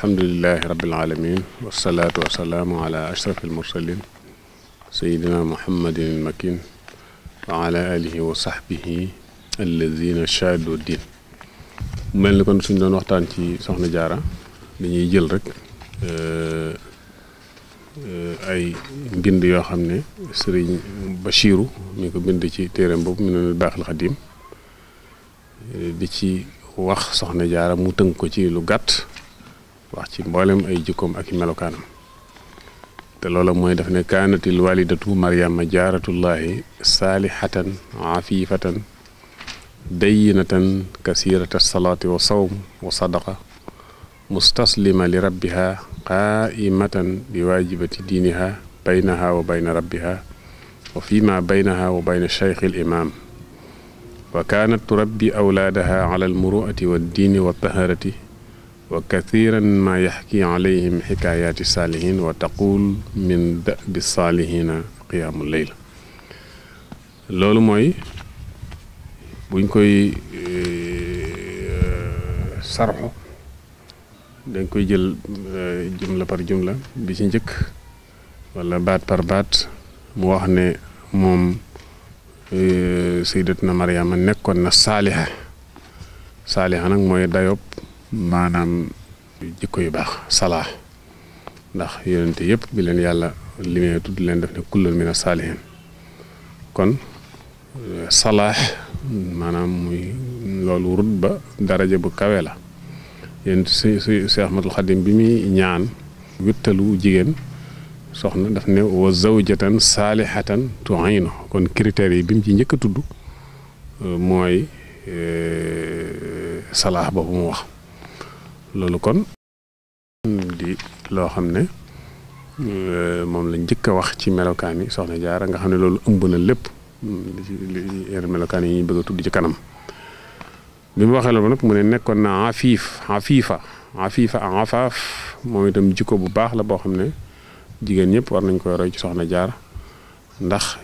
alhamdulilahi rabbil alamin wasalaatu wasalaamu ala ashraf almursalin sayidina muhammadin almakin wa ala alihi wa sahbihi allazina shaadu din ni kon suñ doon waxtaan ci soxna jaara dañuy jël rek euh, euh, ay mbind yoo xam ne sëriñ Bachiru mu ngi ko bind ci téeram boobu mu ne baaxal xadim di ci wax soxna jaara mu tënk ko ci lu gàtt wax ci mboolem ay jikkoom ak i melokaanam te loola mooy daf ne kaanatil walidatu mariama jaaratullaahi saalihatan afifatan dayinatan kasirata salaati wa mustaslima li rabbiha qaimatan bi waajibati diiniha baynaha wa bayna rabbiha wa fima baynaha wa bayna cheikh al imam wa kathiran ma yaxki alayhim xikaayaati saalihin wa taqul min dabi saalihina qiyaamu leyla loolu mooy buñ koy euh, sarxu dañ koy jël euh, jumla par jumla bi ci njëkk wala baat par baat mu wax ne moom euh, na Mariama nekkoon na saaliha saaliha nag mooy dayob maanaam jikko yu baax salaa ndax yonente yëpp bi leen yàlla limee tudd leen def ne kullun mina saalihin kon salaax maanaam muy loolu rut ba daraja bu kawe la yéen si si si Ahmadul bi muy ñaan wittalu jigéen soxna daf ne wa zawjatan saalihatan tu'inu kon critères yi bi mu ci njëkk a tudd mooy eh, salaax boobu mu wax loolu kon di loo xam ne euh, moom lañ njëkk a wax ci melokaan yi soxna jaara nga xam ne loolu ëmb na lépp mm, li melokaan yi ñuy bëgg a tudd ci kanam bi mu waxee loolu nag mu ne nekkoon na afiif afiifa afiifa afaaf moom itam jikko bu baax la boo xam ne jigéen ñëpp war nañ koy roy ci soxna jaara ndax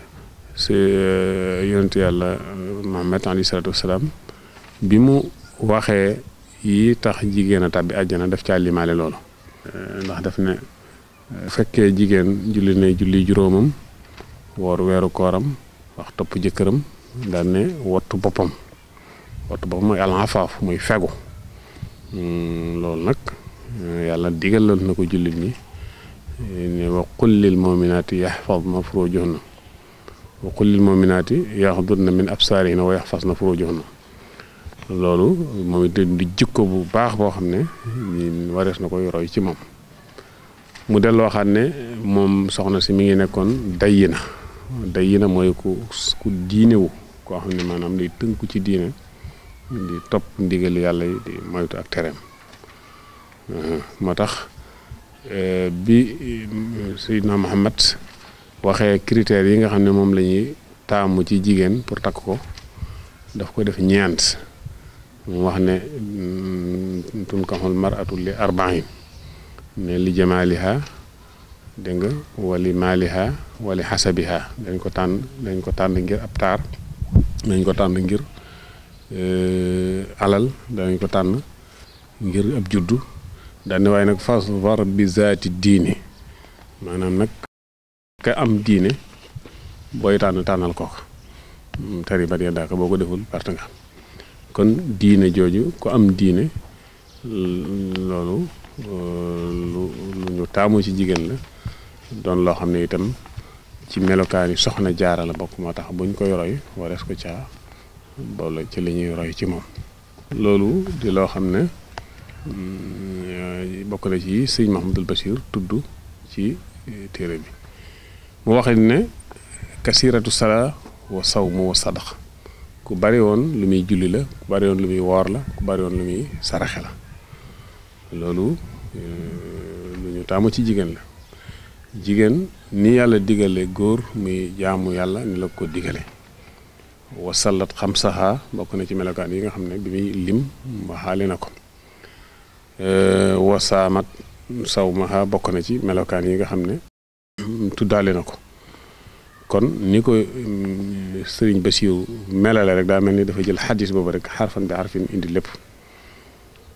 si euh, yonentu yàlla Muhammad alayhi salaatu wasalaam bi mu waxee yi tax jigéen a tàbbi àjjana daf caa limaale loolu eh, ndax def ne eh, fekkee jigéen julli ne julli juróomam woor weeru kooram wax topp jëkkëram daan ne wattu boppam wattu boppam mooy alafaaf muy fegu hmm, loolu nag eh, yàlla digalal na ko jullit ñi ne wa qul lil muminaati yaxfadna furuujahunna wa qul lil muminaati yaxdudna min absaarihinna wa yaxfasna furuujahunna loolu moom it di jikko bu baax boo xam ne ñi warees na koy roy ci moom mu delloo xam ne moom soxna si mi ngi nekkoon dayyi na dayyi na mooy ku ku diinewu koo xam ne maanaam day tënku ci diine di topp ndigal yàlla yi di moytu ak tereem moo tax eh, bi eh, Seydina Muhammad waxee critères yi nga xam ne moom lañuy ñuy taamu ci jigéen pour takk ko daf ko def ñeent mu wax ne mm, tunkaxul maratu li arbain ne li jamaaliha dégg nga wali maaliha wali xasabiha dañ ko tànn dañ ko tànn ngir ab taar dañ ko tànn ngir e, alal dañ ko tànn ngir ab juddu daane waaye nag fas var bi zaati diine maanaam nag ka am diine booy tànn tànnal kooka tari ba dee daaka boo ko deful perte nga kon diine jooju ko am diine loolu lu ñu taamu ci jigéen la doon loo xam ne itam ci melokaan yi soxna jaara la bokk moo tax buñ koy roy warees ko caa boole ci li ñuy roy ci moom loolu di loo xam ne mm, bokk na ci sëñ Mahamadul Bachir tudd ci e, téere bi mu waxit ne kasiratu sala wa saw mu wa sadax ku bari woon lu muy julli la ku bari woon lu muy woor la ku bari woon lu muy saraxe la loolu euh, lu ñu taamu ci jigéen la jigéen ni yàlla digale góor muy jaamu yàlla ni la ko digale wasallat xam saxaa bokk na ci melokaan yi nga xam ne bi muy lim waxaale na ko euh, wasaamat saw maha bokk na ci melokaan yi nga xam ne tuddaale na ko kon ni ko mm, sëriñ Basiiru melale rek daa mel ni dafa jël xadis boobu rek xarfan bi xarfin indi lépp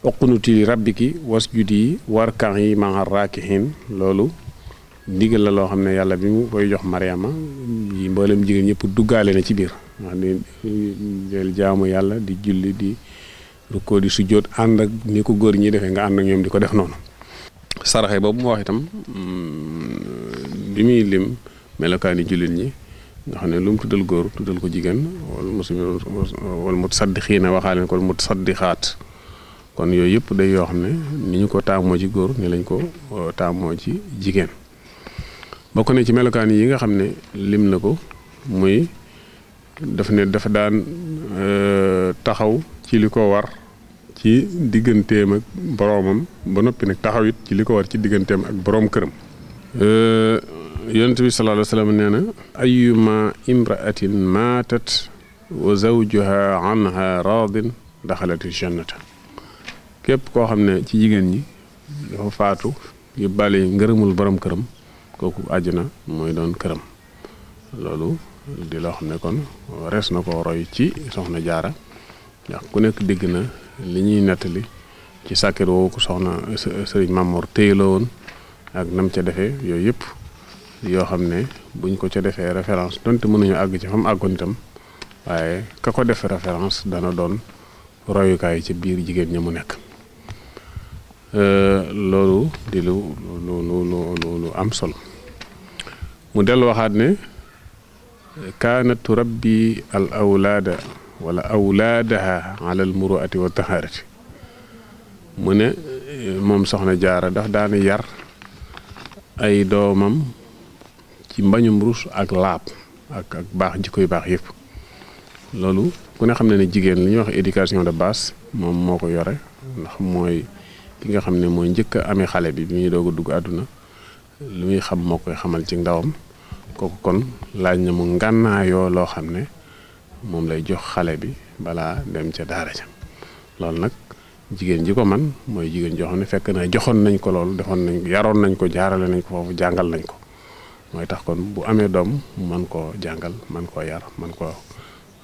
uqnuti li ki wasjudi warkan yi ma'a raakihin loolu ndigal la loo xam ne yàlla bi mu koy jox mariyama mboolem jigéen ñëpp duggaale na ci biir ma ni jaamu yàlla di julli di rukkoo di sujjóot ànd ak ni ko góor ñi defee nga ànd ak ñoom di ko def noonu saraxe boobu mu wax itam mm, bi muy lim melokaani jullit ñi nga xam ne lu mu tuddal góor tuddal ko jigéen wal muslimin wal mutasaddiqiina waxaaleen ko mutasaddiqaat kon yooyu yëpp day yoo xam ne ni ñu ko taamoo ci góor ni lañ ko uh, taamoo ci jigéen bokk na ci melokaan yi nga xam ne lim na ko muy daf ne dafa daan uh, taxaw ci li ko war ci digganteem ak boroomam ba noppi nag taxaw it ci li ko war ci digganteem ak boroom këram uh, yonent bi sallallahu alayhi wa sallam nee na ayuma imraatin maatat wa zawjuha anha daxalati jannata képp koo xam ne ci jigéen ñi dafa faatu yóbbaale ngërëmul borom këram kooku àjjana mooy doon këram loolu di loo xam ne kon rees na ko roy ci soxna jaara ndax ku nekk dégg na li ñuy nettali ci sàkkir woowu ko soxna sëriñ Mamoor téye la woon ak nam ca defee yooyu yëpp yoo xam ne buñ ko ca defee référence donte mënuñu àgg ci fa mu àggoon itam waaye ka ko def référence dana doon royukaay ci biir jigéen ña mu nekk euh, loolu di lu lu lu lu am solo mu dellu waxaat ne kaanat turabbi al awlaada wala awlaadaha ala al muruati wa taharati mu ne moom soxna jaara daf daana yar ay doomam ci mbañu rus ak laab ak ak baax jikko yu baax yëpp loolu ku ne xam ne ne jigéen lu ñuy wax éducation de baas moom moo ko yore ndax mooy ki nga xam ne mooy njëkk a amee xale bi bi muy a dugg àdduna lu muy xam moo koy xamal ci ndawam kooku kon laaj na mu ngànnaayoo loo xam ne moom lay jox xale bi balaa dem ca daara ja loolu nag jigéen ji ko man mooy jigéen joo xam ne fekk na joxoon nañ ko lool defoon nañ ko yaroon nañ ko jaarale nañ ko foofu jàngal nañ ko mooy tax kon bu amee doom man koo jàngal man koo yar man koo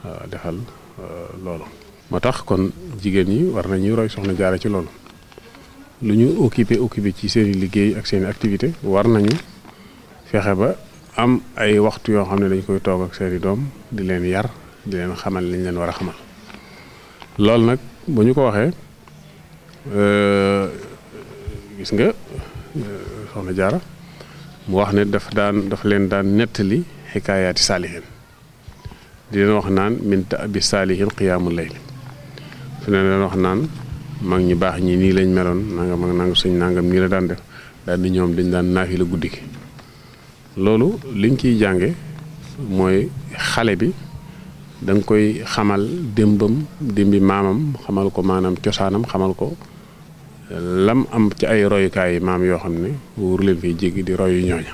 euh, defal euh, loolu moo tax kon jigéen ñi war nañuy roy soxna jaare ci loolu lu ñu occupé occupé ci seen i liggéey ak seeni activité war nañu fexe ba am ay waxtu yoo xam ne dañ koy toog ak seen doom di leen yar di leen xamal liñ leen war a xamal loolu nag bu ñu ko waxee euh, gis nga soxna jaara mu wax ne daf daan dafa leen daan nettali xikaayaati saalihin di leen wax naan min taabi saalihin qiyaamu layli su ne leen wax naan mag ñi baax ñi nii lañ meloon nangam ak nangam suñ nangam nii la daan def daal di ñoom dañ daan naafi la guddi gi loolu liñ ciy jànge mooy xale bi da koy xamal démbam démbi maamam xamal ko maanaam cosaanam xamal ko lam am ci ay royukaay yi maam yoo xam ne wóor leen fiy jéggi di royu ñooña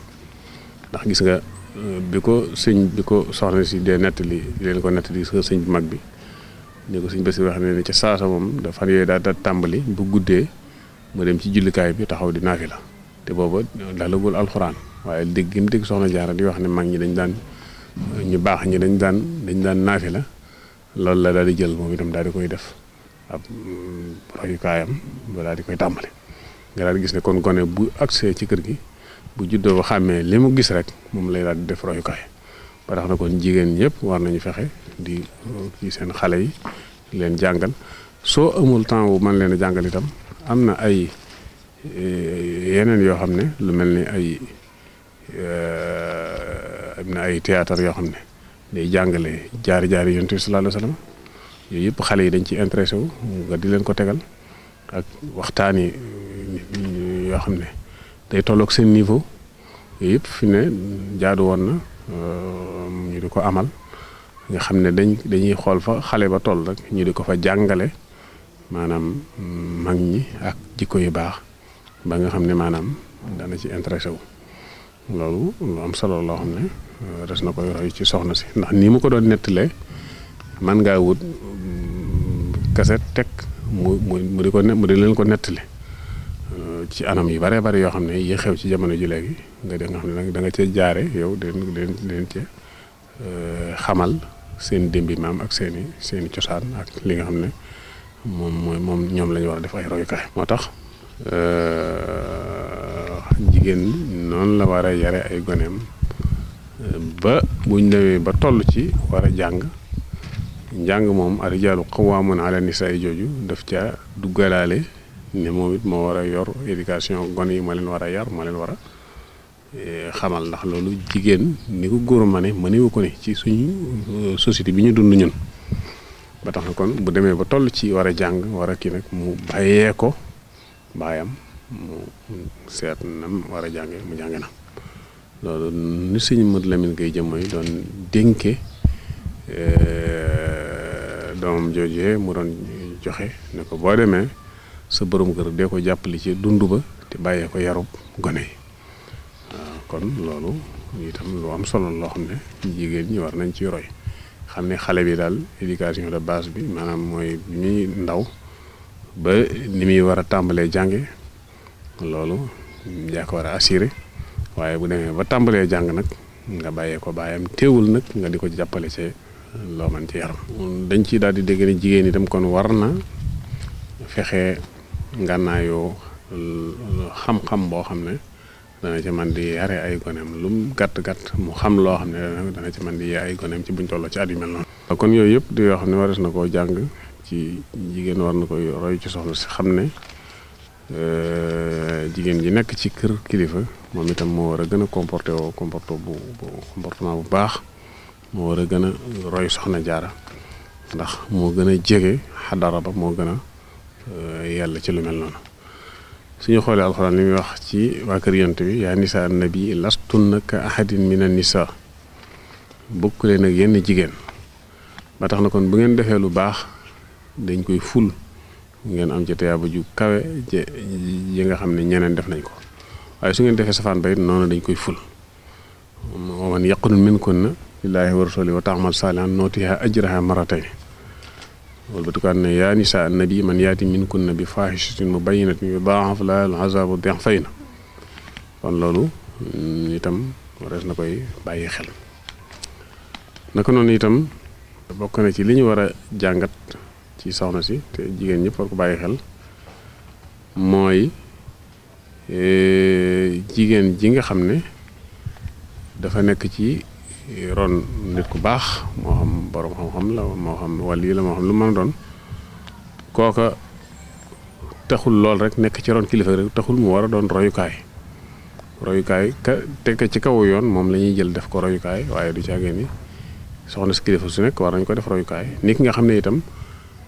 ndax gis nga euh, bi ko sëñ bi ko soxna si dee li di leen ko li nettali sëñ bi mag bi ni ko sëñ bés bi wax ne ni ca saasa moom da fan daal da tàmbali bu guddee mu dem ci jullikaay bi taxaw di naafi la te boobu booba dalagul alxuraan waaye dégg gi mu dégg soxna jaara di wax ne mag ñi dañ daan ñu baax ñi dañ daan dañ daan naafi la loolu la daal di jël moom itam daal di koy def ab mm, royukaayam ba daal di koy tàmbali nga daal di gis ne kon gone bu accès ci kër gi bu juddoo ba xàmmee li mu gis rek moom lay daal di def royukaay ba tax na kon jigéen ñëpp war nañu fexe di uh, ci seen xale yi leen jàngal soo amul temps wu mën leen a jàngal itam am na ay eh, yeneen yoo xam ne lu mel ni ay eh, am na ay théâtre yoo xam ne day jàngale jaari jaari yonent bi sallallahu alayhi wa yooyu yëpp xale yi dañ ci intéressé wu nga di leen ko tegal ak waxtaan yoo xam ne day tolloog seen niveau yëpp fi ne jaadu woon na euh, ñu di ko amal nga xam ne dañ dañuy xool fa xale ba toll rek ñu di ko fa jàngale maanaam mag ñi ak jikko yu baax ba nga xam ne maanaam dana ci intéressé wu loolu lu am solo loo xam ne res euh, na koy roy ci soxna si ndax nii mu ko doon nettalee man ngaa wut kaset mm, teg mu mu mu di ko mu di leen ko nettali euh, ci anam yu bare bare yoo xam ne yi xew ci jamono ji léegi nga def nga xam ne da nga cee jaare yow di leen di leen cee euh, xamal seen démbi maam ak seen i seen cosaan ak li nga xam ne moom moom ñoom la ñu war a def ay royukaay moo tax euh, jigéen noonu la war a yare ay goneem ba buñ demee ba toll ci war a jàng njàng moom arijaalu qawwaamun ala nisaa jooju daf caa duggalaale ne moom it moo war a yor éducation gone yi ma leen war a yar ma leen war a eh, xamal ndax loolu jigéen ni ko góor ma ne mënewu ko ne ci suñu euh, société bi ñu dund ñun ba tax kon bu demee ba toll ci war a jàng war a kii nag mu bàyyee ko baayam mu seet nam war a jànge mu jànge na loolu ni suñu mët lamin koy jëm mooy doon dénke Euh, doomam joojee mu doon joxe ne ko boo demee sa borom kër de ko jàppale ci dund ba te bàyyee ko yarub gone yi euh, kon loolu itam lu am solo loo xam ne jigéen ñi war nañ ci roy xam ne xale bi daal éducation de base bi maanaam mooy bi muy ndaw ba ni muy war a tàmbalee jànge loolu yaa ko war a assuré waaye bu demee ba tàmbalee jàng nag nga bàyyee ko baayam teewul nag nga di ko jàppale ci loo man ci yaram dañ ciy daal di dégg ne jigéen itam kon war na fexe ngànnaayoo xam-xam boo xam ne dana ci man di yare ay goneem lum mu gàtt-gàtt mu xam loo xam ne dana ci man di yee ay goneem ci buñ tolloo ci at yu mel noonu kon yooyu yëpp di yoo xam ne wares na koo jàng ci jigéen war na koy roy ci soxla si xam ne euh, jigéen ji nekk ci kër kilifa moom itam moo war a gën a comporté woo comporté bu comportement bu baax moo war a gën a roy soxna jaara ndax moo gën a jege xadara ba moo gën a euh, yàlla ci lu mel noonu suñu xoolee alxuraan li muy wax ci waa kër yant bi yaa nisa nabi lastunna ka ahadin min an nisa bokk leen ak yenn jigéen ba tax na kon bu ngeen defee lu baax dañ koy ful ngeen am ci teyaa ju kawe ji nga xam ne ñeneen def nañ ko waaye su ngeen defee safaan ba noonu dañ koy ful man yaqunun minkunna lillahi wa rasuli wa taamal saalihan nootiha ajraha maratay walbatukaan a yaa nisa annabi man yaati min kunna bi fahishatin mubayyinatin yudaaf la al azabu dixfayna kon loolu mm, itam warees na koy bàyyi xel naka noonu itam bokk na ci li ñu war a jàngat ci soxna si te jigéen ñëpp war ko bàyyi xel mooy eh, jigéen ji nga xam ne dafa nekk ci ron nit ku baax moo xam borom xam-xam la moo xam wàllu la moo xam lu mën a doon kooka taxul lool rek nekk ci ron kilifa rek taxul mu war a doon royukaay royukaay ka teg ci kaw yoon moom la ñuy jël def ko royukaay waaye du caagee ni soxna si kilifa su nekk war nañ ko def royukaay nit nga xam ne itam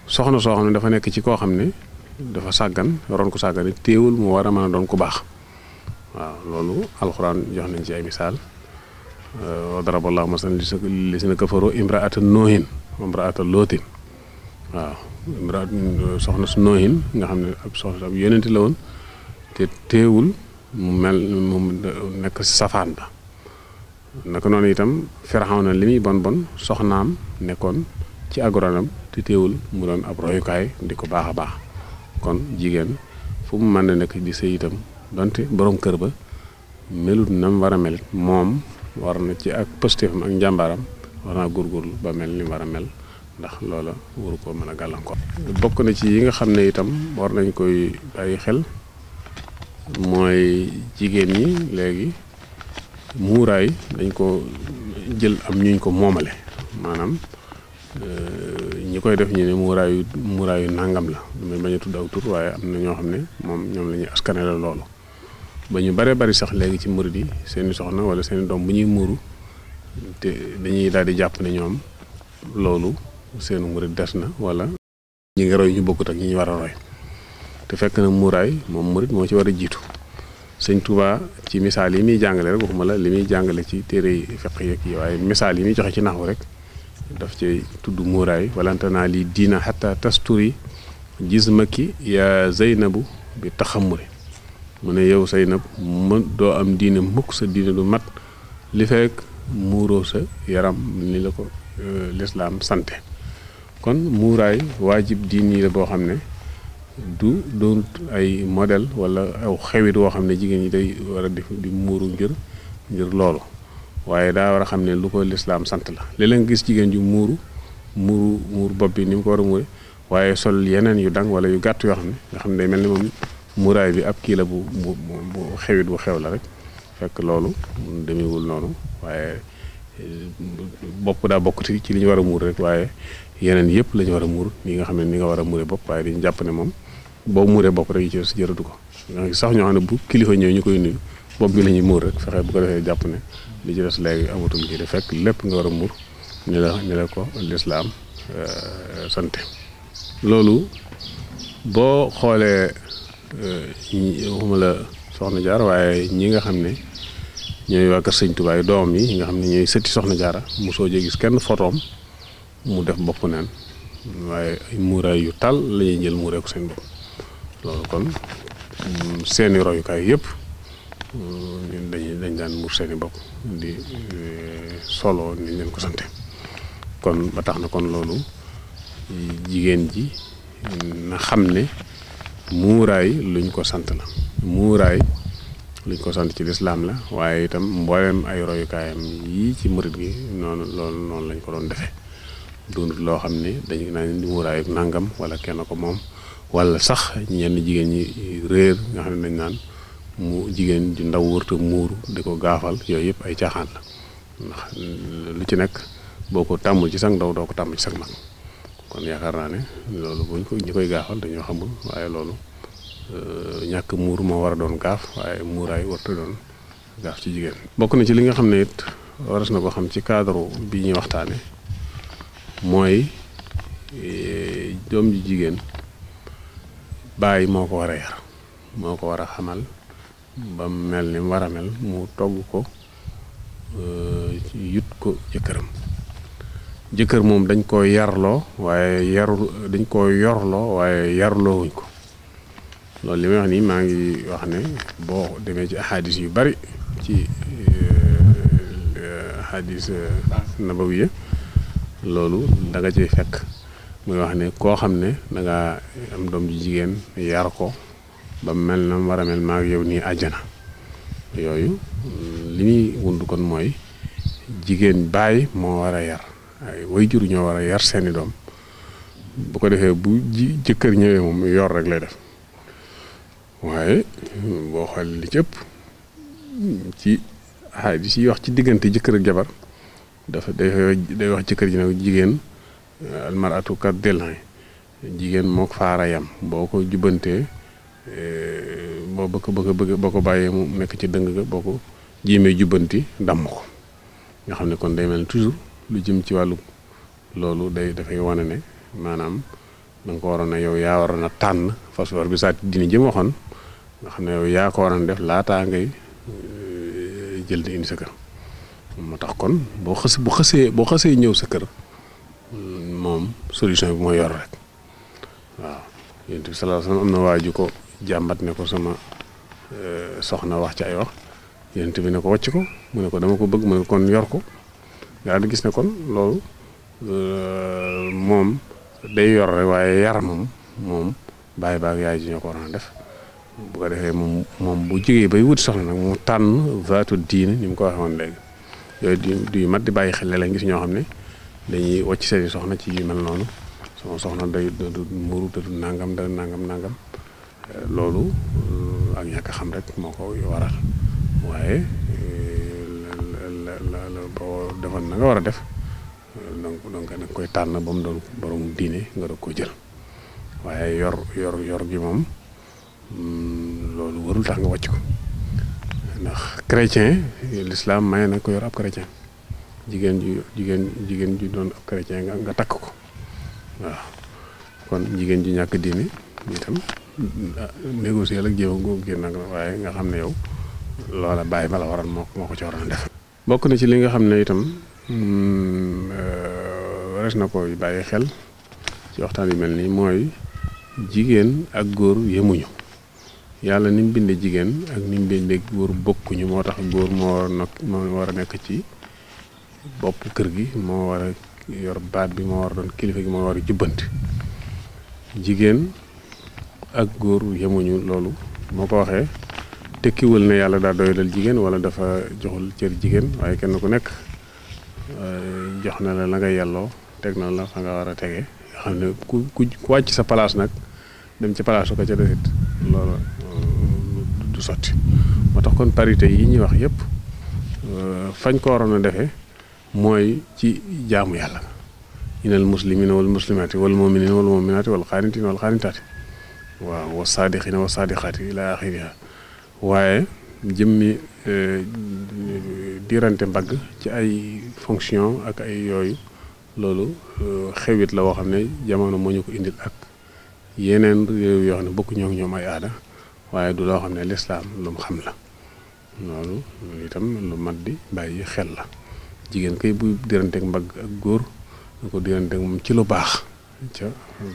soxna soo xam ne dafa nekk ci koo xam ne dafa sàggan ron ko sàggane téewul mu war a mën a doon ku baax waaw loolu alxuraan jox nañ ci ay misaal. wa daraba allahu masalan li si na kafaru imraata noohin imraata lootin waaw imraat soxna su noohin nga xam ne ab soxna ab yonente la woon te teewul mu mel mu nekk itam Firawna li muy bon bon soxnaam nekkoon ci agoranam te teewul mu doon ab royukaay di ko baax a baax kon jigéen fu mu mën na nekk di sëy itam donte borom kër ba melut na mu war a melit moom war na ci ak positifam ak njàmbaaram war naa góorgóorlu ba mel ni war a mel ndax loola waru ko mën a gàllankoor. bokk na ci yi nga xam ne itam war nañ koy bàyyi xel mooy jigéen ñi léegi muuraay dañ ko jël am ñuñ ko moomale maanaam euh, ñi koy def ñu ne muuraayu muuraayu nangam la damay bañ a tudd aw tur waaye am na ñoo xam ne moom ñoom la ñuy askane la loolu ba ñu bare bari sax léegi ci murid yi seeni soxna wala seeni doom bu ñuy muuru te dañuy daal di jàpp ne ñoom loolu seenu murid des na wala ñi ngi roy ñu bokkut ak ñi ñu war a roy te fekk na muuraay moom murid moo ci war a jiitu sëñ Touba ci misaal yi muy jàngale rek waxuma la li muy jàngale ci téere yi feq yeeg waaye misaal yi muy joxe ci naxu rek daf cay tudd muuraay walante naa lii diina xataa tasturi gis makki yaa zeynabu bi taxamuri mu ne yow Zeynab mu doo am diine mukk sa diine du mat li fekk muuroo sa yaram ni la ko euh, lislaam sante kon muuraay waajib diin yi la boo xam ne du doonut ay modèle wala aw xewit woo xam ne jigéen ñi day war a def di muuru ngir ngir loolu waaye daa war a xam ne lu ko lislaam sant la li leen gis jigéen yu muuru muuru muur bopp bi ni mu ko war a muure waaye sol yeneen yu dang wala yu gàtt yoo xam ne nga xam ne day mel ni moom muuraay bi ab kii la bu bu bu xewit bu xew la rek fekk loolu demewul noonu waaye eh, bopp daa bokk ci li ñu war muur rek waaye yeneen yëpp lañu ñu war a muur li nga xam ne ni nga war a muure bopp waaye dañu jàpp ne moom boo muuree bopp rek ci si jëratu ko sax ñoo xam ne bu kilifa ñëw ñu koy nuyu bopp bi la ñuy muur rek fexe bu ko defee jàpp ne li ci des léegi amatul ci di fekk lépp nga war a muur ni la ni la ko lislaam eh, sante loolu boo xoolee waxuma la soxna jaar waaye ñi nga xam ne ñooy waa kër sëñ doom yi nga xam ne ñooy sëtti soxna jaara mosoo jee gis kenn fotoom mu def bopp neen waaye ay muuraay yu tal lañuy ñuy jël muuree ko seen bopp loolu kon mm, seeni royukaay yépp mm, dañuy dañ daan muur seeni bopp di eh, solo ni leen ko sante kon ba tax na kon loolu jigéen ji na xam ne muuraay luñ ko sant la muuraay luñ ko sant ci lislaam la waaye itam mboolem ay royukaayam yii ci murit gi noonu loolu noonu lañ ko doon defee doonut loo xam ne dañu naan di muuraayu nàngam wala kenn ko moom wala sax ñenn jigéen ñi réer nga xam ne dañ naan mu jigéen di ndaw wërta muuru di ko gaafal yooyu yëpp ay caaxaan la lu ci nekk boo ko tàmmul ci sax ndaw doo ko tàmm ci sag mag kon yaakaar naa ne loolu buñ ko ñi koy gaafal waaye loolu euh, ñàkk muur moo war a doon gaaf waaye muuraay warta doon jigéen bokk na ci li nga xam ne it waras na ko xam ci cadre bi ñuy waxtaane mooy doom ji jigéen bàyyi moo ko war yar moo ko war a xamal ba mel ni mu war a mel mu togg ko euh, yut ko jëkkëram jëkkër moom dañ koo yarloo waaye yaru dañ ko yorloo waaye yarloo wuñ ko loolu li may wax nii maa ngi wax ne boo demee ci ahadis yu bari ci na euh, ahadis euh, nabawiya loolu da nga ciy fekk muy wax ne koo xam ne da am doom ju jigéen yar ko ba mel na war a mel maa ngi yow nii àjjana yooyu li ñuy wund kon mooy jigéen baay moo war a yar ay waajur ñoo war a yar seeni doom bu ko defee bu ji jëkkër ñëwee moom yor rek lay def waaye boo xool li ci ëpp ci xaay si wax ci diggante jëkkër ak jabar dafa day day wax jëkkër ji nag jigéen euh, almaratu kat dellan jigéen mook faara yam boo ko jubbantee euh, boo bëgg bëgg bëgg boo ko bàyyee mu nekk ci dëng ga boo ko jéemee jubbanti damm ko nga xam ne kon day mel toujours lu jëm ci wàllu loolu day dafay wane ne maanaam da nga ko waroon a yow yaa waroon a tànn fas war bi saat dina jëm waxoon nga xam ne yow yaa ko waroon def laataa ngay euh, jël di indi sa kër moo tax kon boo xës bu xësee boo xësee ñëw sa kër moom solution bi mooy yor rek waaw yonent bi sallallahu alayhi wasallam am na waa ju ko jàmbat ne ko sama euh, soxna wax ci ay wax yonent bi ne ko wàcc ko mu ne ko dama ko bëgg mu ne ko kon yor ko nga di gis ne kon loolu euh, moom day yor rek waaye yaramam moom bàyyi baag yaay ji ñoo ko waroon a def bu ko defee moom moom bu jigee bay wut soxna nag mu tànn zaatu diine ñu mu ko waxee woon léegi yooyu di mat di bàyyi xel la gis ñoo xam ne dañuy wàcc seeni soxna ci yu mel noonu sama soxna day du mburu te du nangam da nangam nangam euh, loolu euh, ak ñàkk xam rek moo ko waral waaye boo defoon na nga war a def donc donc da nga koy tànn ba mu doon borom diine nga doog ko jël waaye yor yor yor gi moom mm, loolu warul tax nga wàcc ko ndax chrétien l'islam may na ko yor ab chrétien jigéen ju jigéen jigéen ji doon ab chrétien nga nga takk ko waaw kon jigéen ju ñàkk diine itam ah, négocier ak jéem a góob génn waaye nga xam ne yow loola bàyyi bala waroon moo ko moo ko ci waroon a def. bokk na ci li nga xam ne itam mm, euh, res na ko bàyyi xel ci waxtaan yu mel nii mooy jigéen ak góor yemuñu yàlla ni mu bindee jigéen ak ni bindee góor bokkuñu moo tax góor moo war a moo war a nekk ci bopp kër gi moo war a yor baat bi moo war a doon kilifa gi moo war a jubbanti jigéen ak góor yemuñu loolu moo ko waxee tekkiwul na yàlla daa doyalal jigéen wala dafa joxul cër jigéen waaye kenn ku nekk euh, jox na la la nga yelloo teg na la fa nga war a tege nga xam ne ku ku wàcc sa palaas nag dem ci place ko ca desit loolu euh, du sotti moo tax kon parité yi ñuy wax yëpp euh, fañ ko waroon a defee mooy ci jaamu yàlla inal muslimina wal muslimaati wal muminina wal muminaati wal xaanitina wal xaanitaati waaw wa saadiqina wa saadiqaati ila axiriha waaye jëmmi euh, diirante mbagg ci ay fonction ak ay yooyu loolu euh, xewit la woo xam ne jamono moo ñu ko indil ak yeneen réew yoo xam ne bokk ñoo ñoom ay aada waaye du loo xam ne lislaam lu mu xam la loolu itam lu mat di bàyyi xel la jigéen kay buy diranteeg mbagg ak góor nga ko diranteeg moom ci lu baax ca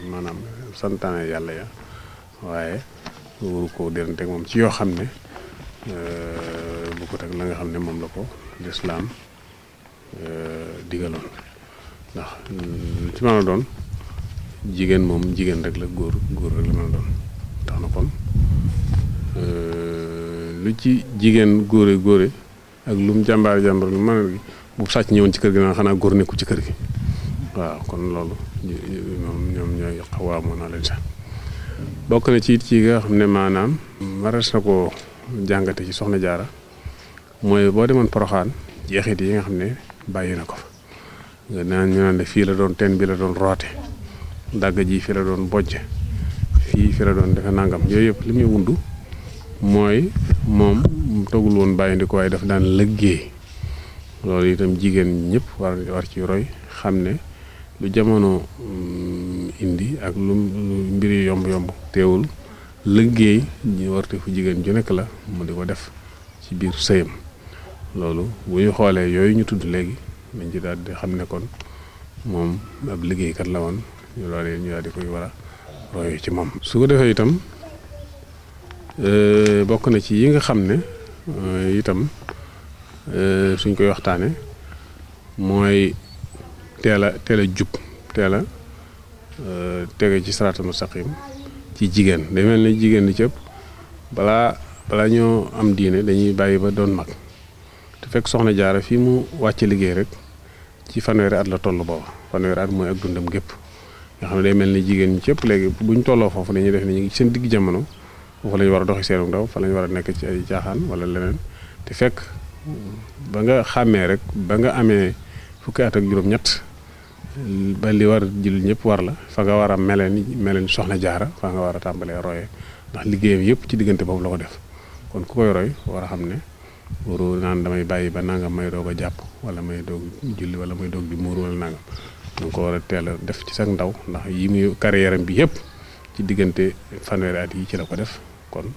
maanaam santaane yàlla ya waaye waru koo déranteeg ci yoo xam ne bu ko teg la nga xam ne moom la ko lislaam euh, digaloon ndax mm, ci doon jigéen moom jigéen rek la góor góor rek la mën a doon tax na euh, lu ci jigéen góore góore ak lu mu jàmbaar jàmbaar lu mën a bu sàcc ñëwoon ci kër gi naan xanaa góor nekku ci kër gi waaw kon loolu ñoom ñoom ñooy xaw a amoon naa leen sax bokk na ci it ci nga xam ne maanaam waras na ko jàngate ci soxna jaara mooy boo demoon poroxaan jeexit yi nga xam ne bàyyi na ko fa nga naan ñu naan la fii la doon teen bi la doon roote dagg ji fi la doon bojj fii fi la doon defe nangam yooyu yëpp li muy wundu mooy moom togul woon bàyyi ndi ko waaye daf daan liggéey loolu itam jigéen ñëpp war war ci roy xam ne lu jamono mm, indi ak lu mbir yi yomb yomb teewul liggéey ñu warte fu jigéen ju nekk la mu di ko def ci biir sëyam loolu bu ñu xoolee yooyu ñu tudd léegi dañ ci daal di xam ne kon moom ab liggéeykat la woon ñu daal di ñu daal di koy war a ci moom. su ko defee itam euh, bokk na ci yi nga xam ne euh, itam euh, suñ koy waxtaane mooy. teel a teel a jub teel a euh, tege ci saraatal mustaqim ci jigéen day mel ni jigéen li cëpp balaa balaa ñoo am diine dañuy bàyyi ba doon mag te fekk soxna jaara fii mu wàcc liggéey rek ci fanweeri at la toll booba fanweeri at mooy ak dundam gépp nga xam ne day mel ni jigéen ñi cëpp léegi bu ñu tolloo foofu dañuy def ni ñu ngi seen digg jamono foofu lañu ñu war a doxi seenum ndaw fa la ñu war a nekk ci ay caaxaan wala leneen te fekk ba nga xàmmee rek ba nga amee fukki at ba li a jullit ñëpp war la fa nga war a mele ni mele ni soxna jaara fa nga war a tàmbalee roye ndax liggéeyam yëpp ci diggante boobu la ko def kon ku koy war a xam ne naan damay bàyyi ba nangam may a jàpp wala may doog julli wala may doog di muur wala nangam ko war a teel a def ci sa ndaw ndax yi muy carrière bi yëpp ci diggante fanweeri yi ci la ko def kon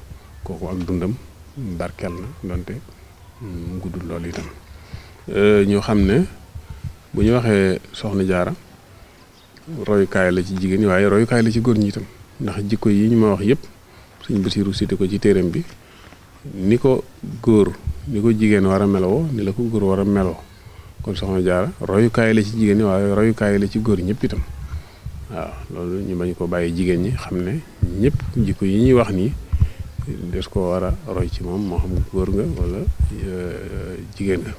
kooku ak dundam barkeel na donte mm, mu guddul loolu itam euh, ñoo xam ne bu ñu waxee soxna jaara royukaay la ci jigéen ñi waaye royukaay la ci góor ñi itam ndax jikko yi ñu ma wax yépp suñ basiiru cité ko ci téeram bi ni ko góor ni ko jigéen war a meloo ni la ko góor war a meloo kon soxna jaara royukaay la ci jigéen ñi waaye royukaay la ci góor ñëpp itam waaw loolu ñu bañ ko bàyyi jigéen ñi xam ne ñëpp jikko yi ñuy wax nii des ko war a roy ci moom moo xam góor nga walla euh, jigéen nga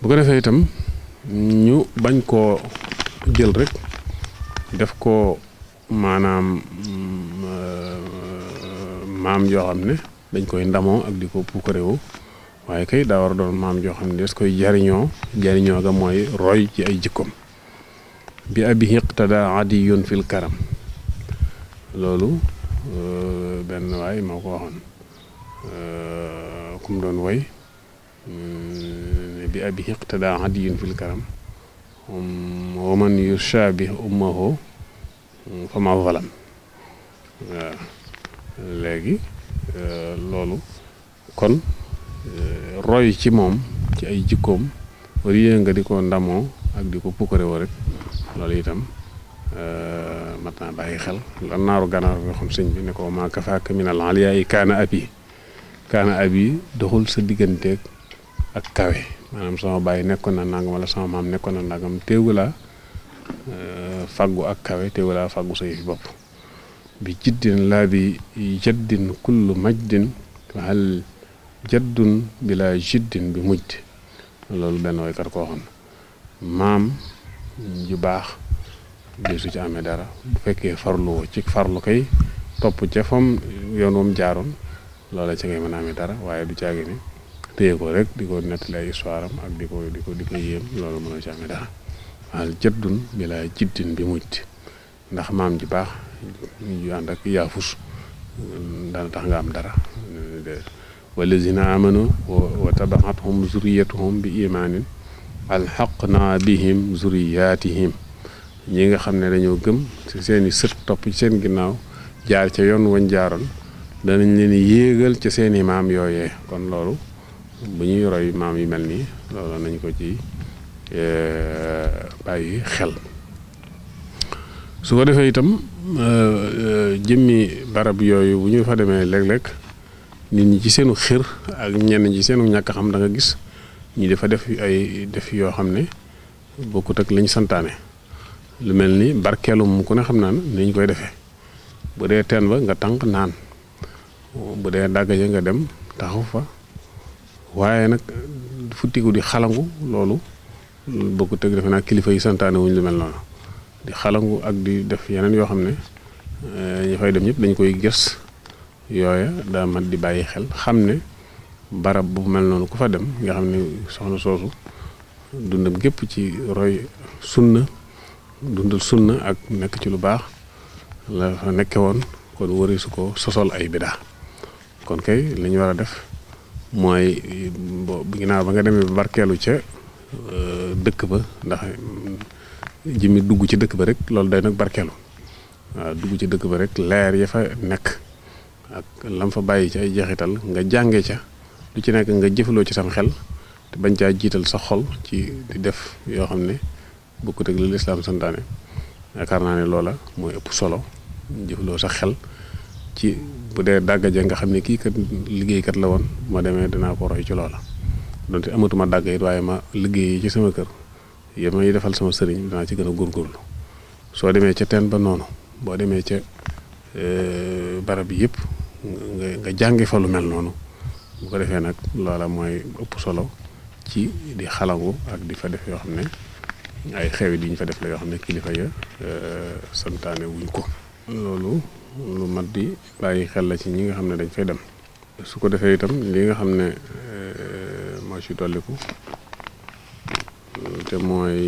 bu ko defee itam ñu bañ koo jël rek def ko maanaam euh, maam yoo xam ne dañ koy ndamoo ak di ko pukkarewu waaye kay daa war doon maam joo xam ne des koy jariñoo jariñoo ga mooy roy ci ay jikkoom bi abi iqtada adiyun fil karam loolu euh, benn waay moo ko waxoon euh, kum doon woy hmm. bi abi iqtada hadiyun fil karam wa man yushabih ummahu fama zalam waaw léegi euh, loolu kon euh, roy ci moom ci ay jikkoom rié nga di ko ndamoo ak di ko pukkare woo rek loolu itam euh, mat naa xel la naaru ganaar yoo xam sëñ bi ne ko maa kafaaka min al aliyaa yi kaana abi kaana abi doxul sa diggante ak kawe maanaam sama bàyyi nekkoon na nangam wala sama maam nekkoon na nangam téegu euh, faggu ak kawe téegu faggu sa yëfi bopp bi jiddin laa bi jaddin kullu majdin waxal jaddun bi jiddin bi mujj loolu benn woykat koo xam maam ju baax di su ci amee dara bu fekkee farluwoo ci farlu kay topp ca fam yoon wam jaaroon loola ci ngay mën a amee dara waaye du caagi ni téye ko rek di ko nettali ay histoire am ak di ko di ko yéem loolu mën ci amee dara waal jët dun bi laa bi mujj ndax maam ji baax ñu ànd yaafus dana tax nga am dara walazina amanu wa tabaxathum zuriyatuhum bi imaanin alxaqna bihim zuriyaatihim ñi nga xam ne dañoo gëm ci seeni i topp ci seen ginnaaw jaar ca yoon wañ jaaroon danañ leen yéegal ca seeni maam yooyee kon loolu bu ñuy roy maam yu mel nii loolu nañ ko ci eh, bàyyi xel su ko defee itam euh, euh, jëmmi barab yooyu bu ñu fa demee léeg-léeg nit ñi ci seenu xir ak ñenn ñi ci seenu ñàkk xam danga nga gis ñi dafa def ay def yoo xam ne bokkut ak lañ santaane lu mel ni barkeelum ku ne xam naa ni ñu koy defee bu dee teen ba nga tànk naan bu dee dàgg nga dem taxaw fa waaye nag futtiku di xalangu loolu bokku tëg defe naa kilifa yi santaane wuñ lu mel noonu di xalangu ak di def yeneen yoo xam ne eh, ñu fay dem ñëpp dañ koy gës yooya daa di bàyyi xel xam ne barab bu mel noonu ku fa dem nga xam ne soxna soosu dundam gépp ci roy sunna dundal sunna ak nekk ci lu baax la fa nekke woon kon wari su ko sosol ay bidaa kon kay li war a def mooy ginnaaw ba nga demee ba barkeelu ca euh, dëkk ba ndax jëmmi dugg ci dëkk ba rek loolu day nag barkeelu waaw dugg ci dëkk ba rek leer ya fa nekk ak lam fa bàyyi ci ay jeexital nga jànge ca lu ci nekk nga jëfaloo ci sam xel te bañ caa jiital sa xol ci di def yoo xam ne bokkut ak li lislaam santaane yaakaar naa ne loola mooy ëpp solo jëfloo sa xel ci bu dee dàgga ja nga xam ne kii kat liggéeykat la woon ma demee dinaa ko roy ci loola donte amatuma dàgg it waaye ma liggéey ci sama kër ya may defal sama sëriñ dinaa ci gën a góorgóorlu soo demee ca teen ba noonu boo demee ca eh, barab yëpp nga jàngi fa lu mel noonu bu ko defee nag loola mooy ëpp solo ci di xalangu ak di fa def yoo xam ne ay xew yi di ñu fa def la yoo xam ne kilifa ya eh, santaane wuñ ko loolu lu mat di bàyyi xel la ci ñi nga xam ne dañ fay dem su ko defee itam li nga xam ne euh, moo ci dolliku te mooy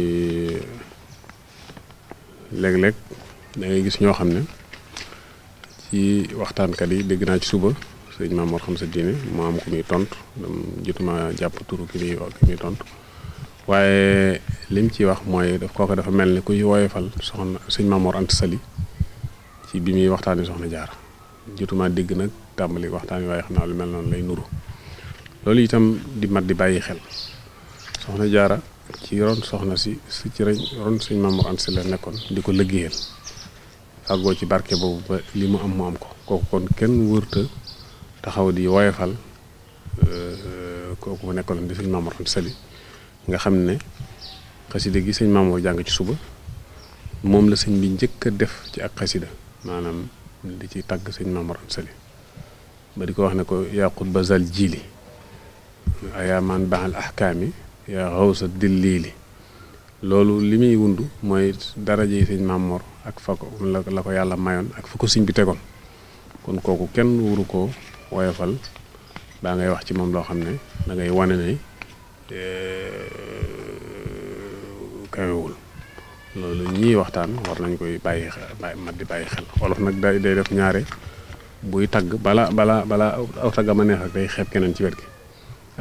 léeg-léeg da gis ñoo xam ne ci waxtaankat yi dégg naa ci suba sëñ Maam Mor xam sa diine moo am ku muy tontu dam jotuma jàpp tontu waaye lim ci wax mooy daf kooka dafa mel ni kuy woyofal soxna sëñ Maam Mor Anta Sali ci bi muy waxtaanee soxna jaar jotuma dégg nag tàmbali waxtaan wi waaye xam naa lu mel noonu lay nuru loolu itam di mat di bàyyi xel soxna jaara ci ron soxna si si ci ron suñ Mamour Anta Sali nekkoon di ko liggéeyal fàggoo ci barke boobu li mu am mu ko kooku kenn wërta taxaw di woyofal euh, kooku nekkoon di suñ Mamour Anta nga xam ne xasida gi sëñ Mamour jàng ci suba moom la sëñ bi njëkk a def ci ak xasida maanaam di ci tagg sëñ Maam Mor Anta ba di ko wax ne ko yaa xutba zal jiili yaa man baaxal ahkaam yi yaa xawsa dillili loolu li muy wund mooy daraje yi sëñ Maam ak fa ko la ko yàlla mayoon ak fa ko sëñ bi tegoon kon kooku kenn wuru ko woyofal baa ngay wax ci moom loo xam ne da ngay wane ne eh, kawewul loolu ñii waxtaan war nañ koy bàyyi xel mat di bàyyi xel wolof nag day day def ñaare buy tagg bala balaa balaa aw tagg ma neex ak day xeeb keneen ci wet gi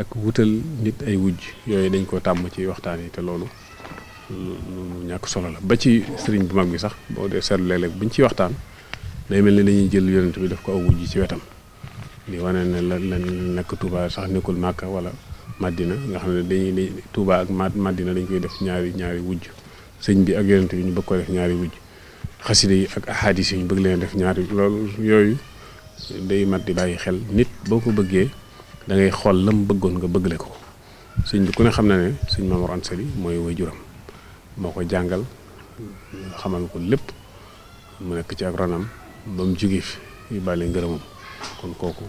ak wutal nit ay wujj yooyu dañ ko tàmm ci waxtaan yi te loolu lu solo la ba ci sëriñ bu mag bi sax boo dee seetlu léeg-léeg bu ciy waxtaan day mel ni dañuy jël yonent bi daf ko aw wujj wetam di wane ne la la nekk Touba sax nekkul Màkka wala Madina nga xam ne dañuy Touba ak Madina dañ koy def ñaari ñaari wujj sëñ bi ak yonent bi ñu bëgg ko def ñaari wujj xasida yi ak ahadis yi ñu bëgg leen def ñaari loolu yooyu day mat di bàyyi xel nit boo ko bëggee dangay ngay xool lam bëggoon nga bëgg bëggle ko sëñ bi ku ne xam na ne sëñ Mamoor Anta Sali mooy juram moo ko jàngal xamal ko lépp mu nekk ci ak ronam ba mu jóge fi ngërëmam kon kooku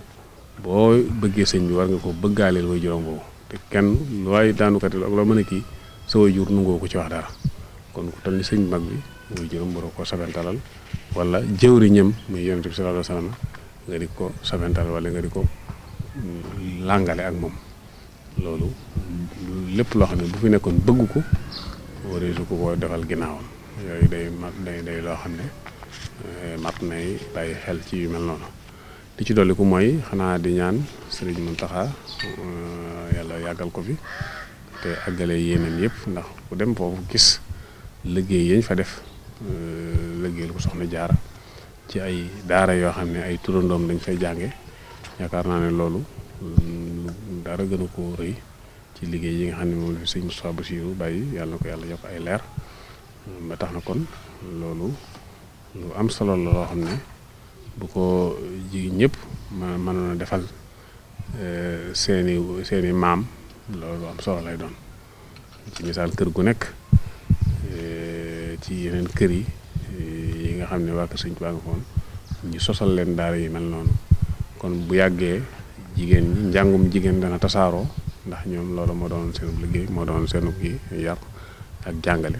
boo bëggee sëñ bi war nga ko bëggaaleel waajuram boobu te kenn waaye daanukatil ak loo mën a kii sa jur nungoo ko ci wax dara kon ku toll siñ mag bi muy juróom waroo ko sabentalal walla jëwriñam muy yonent bi sallallahu alayhi wasallam nga di ko sabentalal wala nga di ko làngale ak moom loolu lépp loo xam ne bu fi nekkoon bëggu ko wareesu ko defal ginnaawam yooyu day mat day day loo xam ne eh, mat nay bàyyi xel ci yu mel noonu li ci dolli ko mooy xanaa di ñaan sëriñ Muntaxa eh, yàlla yàggal ko bi te àggale yeneen yëpp ndax ku dem foofu gis liggéey yañ fa def euh, liggéeyal ko soxna jaara ci ay daara yoo xam ne ay turandoom lañ fay jànge yaakaar naa ne loolu mm, dara gën a ko rëy ci liggéey yi nga xam ne moom la fi sëñ Moustapha Bassirou na ko yàlla yokk ay leer ba na kon loolu lu am solo la loo xam ne bu ko jigéen ñëpp ma mënoon a defal euh, seeni seeni maam loolu am solo lay doon ci misaal kër gu nekk ci yeneen kër yi eh, yi nga xam ne waa suñ Sëñ Tuubaa nga foon ñu sosal leen daara yi mel noonu kon bu yàggee jigéen ñi njàngum jigéen dana tasaaroo ndax ñoom loolu moo doon seen liggéey moo doon seenu kii yar ak jàngale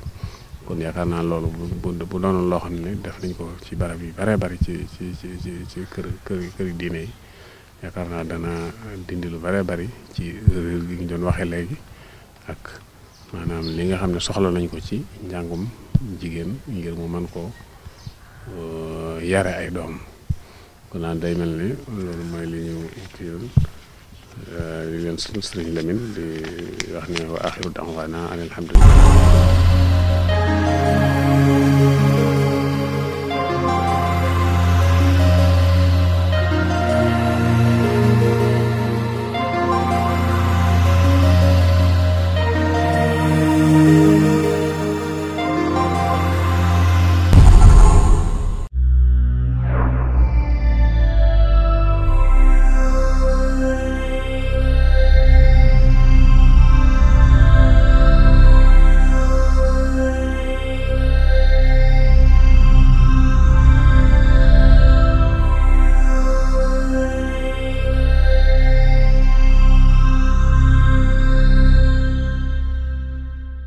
kon yaakaar naa loolu bu bu loo xam ne def nañ ko ci barab yi bare bari ci ci ci kër kër këri diine yi yaakaar naa dana dindi lu bare bari ci réer gi ñu doon waxee léegi ak maanaam li nga xam ne soxla nañ ko ci njàngum jigéen ngir mu mën ko euh, yare ay doom kon naan day mel ni loolu mooy li ñu kiyoon euh, li leen sunu sëriñ di wax ne wa axiru da'waana an alhamdulilah